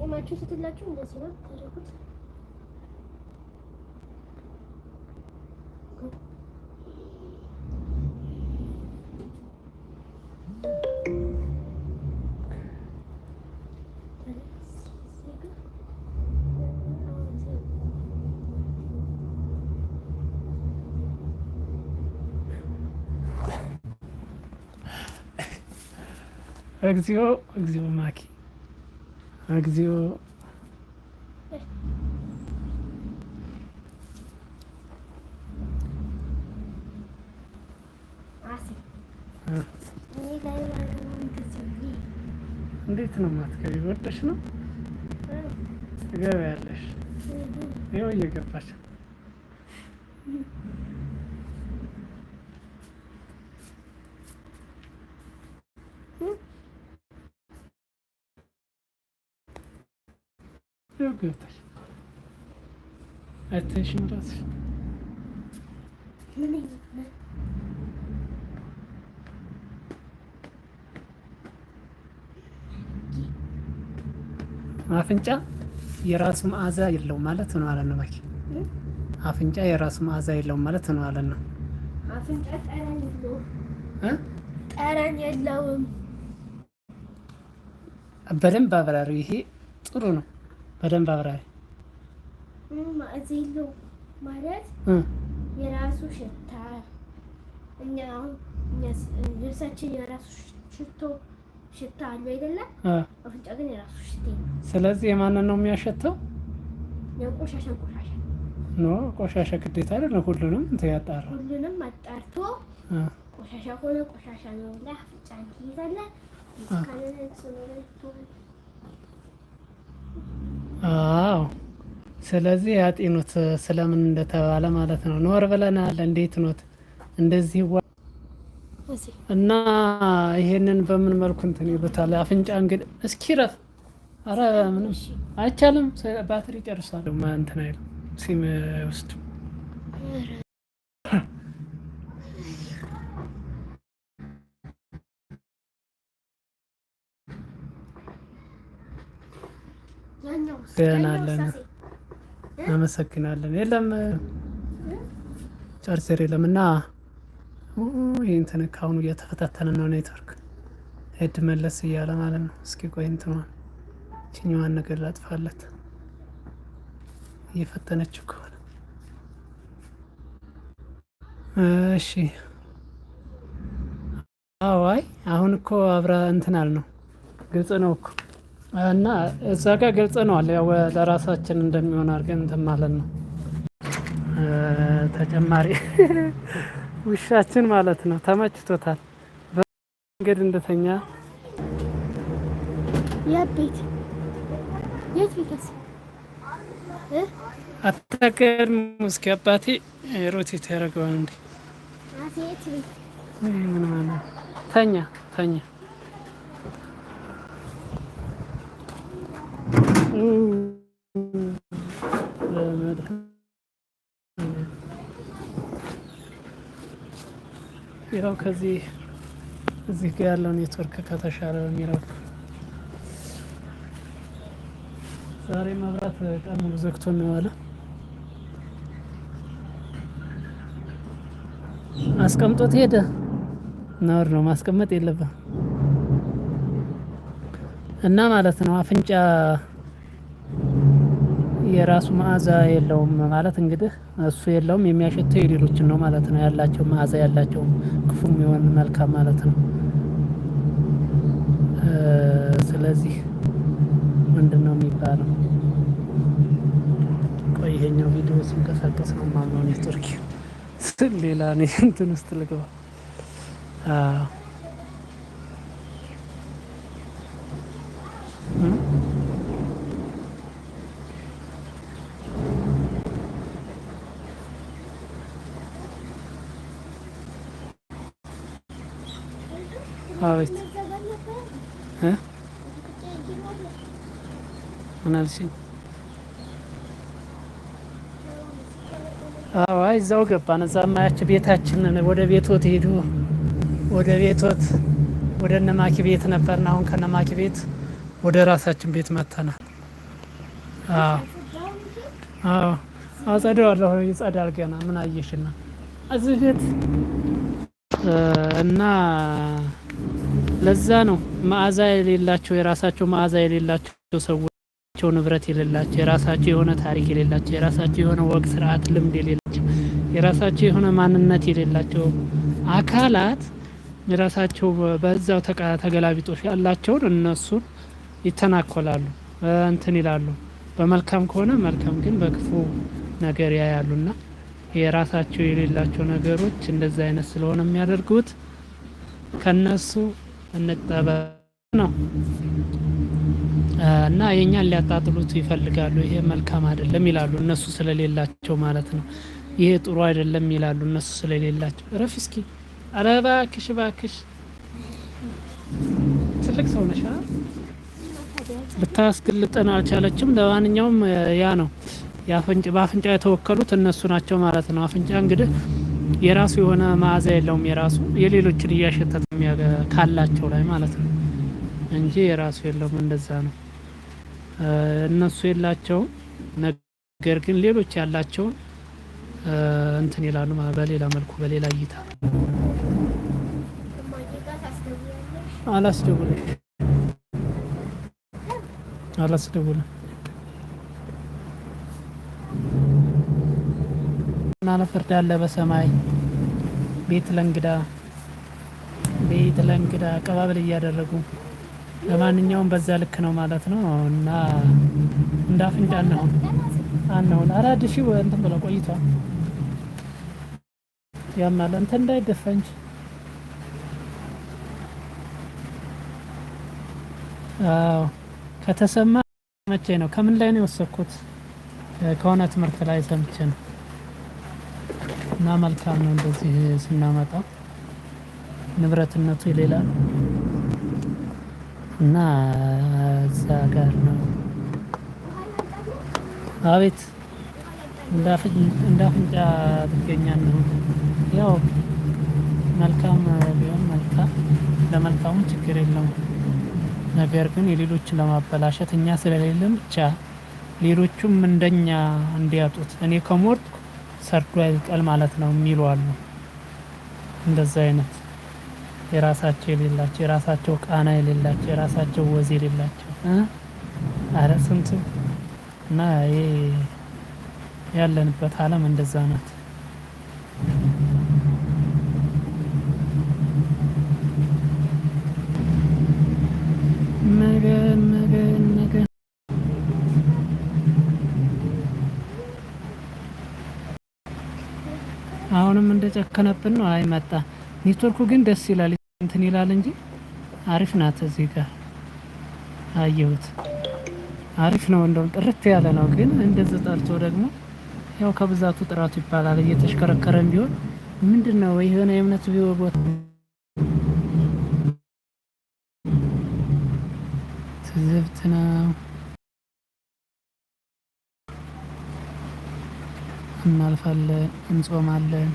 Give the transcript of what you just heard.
ዜማችሁ ስትላችሁ እንደዚህ ነው ታደርጉት። እግዚኦ እግዚኦ ማኪ እግዚኦ እንዴት ነው ማትገቢ? ወደሽ ነው ገበያለሽ? ይኸው እየገባች ያገባል። አተሽም ራስሽ አፍንጫ የራሱ መዓዛ የለውም ማለት ነው አለ ነው። አፍንጫ የራሱ መዓዛ የለው ማለት ነው አለ ነው። አፍንጫ ጠረን የለውም ጠረን የለውም። በደንብ አብራሪው። ይሄ ጥሩ ነው። በደንብ አብራሪ። እዚህ ማለት የራሱ ሽታ እኛ ልብሳችን የራሱ ሽቶ ሽታ አሉ አይደለ? አፍንጫ ግን የራሱ ሽታ። ስለዚህ የማንን ነው የሚያሸተው? የቆሻሻ ቆሻሻ ኖ ቆሻሻ ግዴታ አይደለም። ሁሉንም እንትን ያጣራ ሁሉንም አጣርቶ ቆሻሻ ሆነ ቆሻሻ ነው ላይ አፍንጫ ይይዛለ አዎ ስለዚህ ያጢኑት ስለምን እንደተባለ ማለት ነው። ኖር ብለናል። እንዴት ኖት እንደዚህ እና ይሄንን በምን መልኩ እንትን ይሉታል? አፍንጫ እንግዲህ እስኪ ረፍ። አረ ምንም አይቻልም። ባትሪ ጨርሷል። እንትን አይልም ሲም ውስጥ ገና አለን። አመሰግናለን። የለም ቻርጀር የለም እና ይህ እንትን ከአሁኑ እየተፈታተነ ነው። ኔትወርክ ሄድ መለስ እያለ ማለት ነው። እስኪ ቆይ እንትኗን ችኛዋን ነገር ላጥፋለት እየፈተነችው ከሆነ እሺ። አዋይ አሁን እኮ አብራ እንትናል ነው ግልጽ ነው እኮ እና እዛ ጋር ገልጸ ነዋል ያው ለራሳችን እንደሚሆን አድርገን እንትን ማለት ነው። ተጨማሪ ውሻችን ማለት ነው ተመችቶታል። በመንገድ እንደተኛ ያቤት የት ቢከስ አታቀድም። እስኪ አባቴ ሮቴት ያደረገዋል እንዴ? ተኛ ተኛ ያው ከዚህ እዚህ ጋር ያለው ኔትወርክ ከተሻለ የሚለው ዛሬ መብራት ቀን ሙሉ ዘግቶ የሚዋለ አስቀምጦት ሄደ። ነውር ነው ማስቀመጥ የለበ እና ማለት ነው አፍንጫ የራሱ መዓዛ የለውም ማለት እንግዲህ እሱ የለውም የሚያሸተው የሌሎችን ነው ማለት ነው። ያላቸው መዓዛ ያላቸው ክፉም የሆን መልካም ማለት ነው። ስለዚህ ምንድን ነው የሚባለው? ቆይ ይሄኛው ቪዲዮ ሲንቀሳቀስ ነው ማምነው ኔትወርክ ስል ሌላ እኔ እንትን ውስጥ ልግባ አቤት ምን አልሽኝ? አይ እዛው ገባን። እዛ ማያቸው ቤታችንን ወደ ቤቶት ሄዱ። ወደ ቤቶት ወደ እነማኪ ቤት ነበርና አሁን ከነማኪ ቤት ወደ ራሳችን ቤት መጥተናል። አዎ አዎ አጸደዋለሁ። ይጸዳል ገና ምን አየሽና እዚህ ቤት እና ለዛ ነው መዓዛ የሌላቸው የራሳቸው መዓዛ የሌላቸው ሰዎቸው ንብረት የሌላቸው የራሳቸው የሆነ ታሪክ የሌላቸው የራሳቸው የሆነ ወግ፣ ስርዓት፣ ልምድ የሌላቸው የራሳቸው የሆነ ማንነት የሌላቸው አካላት የራሳቸው በዛው ተገላቢጦሽ ያላቸውን እነሱን ይተናኮላሉ፣ እንትን ይላሉ። በመልካም ከሆነ መልካም፣ ግን በክፉ ነገር ያያሉና የራሳቸው የሌላቸው ነገሮች እንደዛ አይነት ስለሆነ የሚያደርጉት ከነሱ እንጠበ ነው እና የእኛን ሊያጣጥሉት ይፈልጋሉ። ይሄ መልካም አይደለም ይላሉ እነሱ ስለሌላቸው ማለት ነው። ይሄ ጥሩ አይደለም ይላሉ እነሱ ስለሌላቸው። እረፍ እስኪ። ኧረ እባክሽ እባክሽ፣ ትልቅ ሰው ነሽ። ልታስገልጠን አልቻለችም። ለማንኛውም ያ ነው በአፍንጫ የተወከሉት እነሱ ናቸው ማለት ነው። አፍንጫ እንግዲህ የራሱ የሆነ መዓዛ የለውም። የራሱ የሌሎችን እያሸተተ ካላቸው ላይ ማለት ነው እንጂ የራሱ የለውም። እንደዛ ነው። እነሱ የላቸውም፣ ነገር ግን ሌሎች ያላቸውን እንትን ይላሉ። በሌላ መልኩ በሌላ እይታ አላስደውልም አላስደውልም ምናለ ፍርድ አለ በሰማይ ቤት ለእንግዳ ቤት ለእንግዳ አቀባበል እያደረጉ ለማንኛውም በዛ ልክ ነው ማለት ነው። እና እንደ አፍንጫ አናሁን አናሁን አራድ ሺ እንትን ብለው ቆይቷል። ያማለ እንትን እንዳይደፋ እንጂ አዎ፣ ከተሰማ መቼ ነው? ከምን ላይ ነው የወሰድኩት? ከሆነ ትምህርት ላይ ሰምቼ ነው። እና መልካም ነው እንደዚህ ስናመጣው ንብረትነቱ የሌላ ነው እና እዛ ጋር ነው። አቤት እንዳፍንጫ አፍንጫ ነው። ያው መልካም ቢሆን መልካም ለመልካሙ ችግር የለም። ነገር ግን የሌሎችን ለማበላሸት እኛ ስለሌለም ብቻ ሌሎቹም እንደኛ እንዲያጡት እኔ ከሞርት ሰርዶ አይቀል ማለት ነው የሚሉ አሉ። እንደዛ አይነት የራሳቸው የሌላቸው የራሳቸው ቃና የሌላቸው የራሳቸው ወዝ የሌላቸው አረ ስንት እና ያለንበት ዓለም እንደዛ ናት። አሁንም እንደጨከነብን ነው። አይ መጣ ኔትወርኩ ግን ደስ ይላል እንትን ይላል እንጂ አሪፍ ናት። እዚህ ጋር አየሁት አሪፍ ነው። እንደውም ጥርት ያለ ነው። ግን እንደዚህ ጠርቶ ደግሞ ያው ከብዛቱ ጥራቱ ይባላል። እየተሽከረከረም ቢሆን ምንድን ነው የሆነ የእምነት ቢሆን ቦታ ትዝብት ነው። እናልፋለን፣ እንጾማለን።